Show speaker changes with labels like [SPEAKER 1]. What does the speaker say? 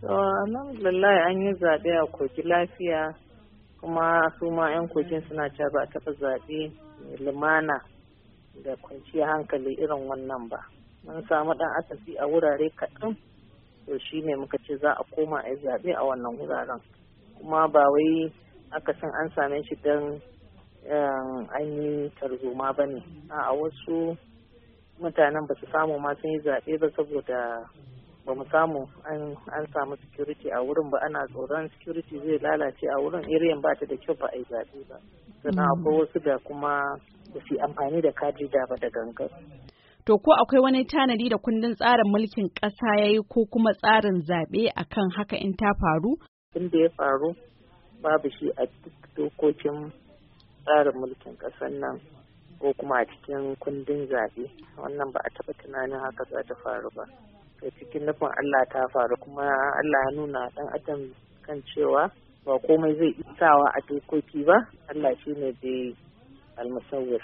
[SPEAKER 1] So, an yi zaɓe a kogi lafiya kuma su ma 'yan kogin suna cewa ba taɓa zaɓe mai limana da kwanciya hankali irin wannan ba. Mun samu ɗan akasi a wurare kaɗan to shi ne muka ce za a koma a zaɓe a wannan wuraren. Kuma ba wai aka san an same shi don eh, an yi tarzoma ba ne. A wasu mutanen ba su samu ma sun yi zaɓe ba saboda ba mu samu an samu security a wurin ba ana tsoron security zai lalace a wurin iriyan ba ta da kyau ba a yi zaɓe ba sannan mm. akwai wasu da kuma da su amfani da kaji da ba da gangan
[SPEAKER 2] to ko akwai wani tanadi da kundin tsarin mulkin ƙasa ya yi ko kuma tsarin zaɓe akan haka in ta faru?
[SPEAKER 3] Inda ya faru babu shi a duk dokokin tsarin mulkin ƙasar nan ko kuma a cikin kundin zaɓe
[SPEAKER 1] wannan ba a taɓa tunanin haka za ta faru ba. da cikin nufin Allah ta faru kuma Allah ya nuna dan adam kan cewa ba komai zai isawa a dokoki ba Allah shi ne bai almusawwir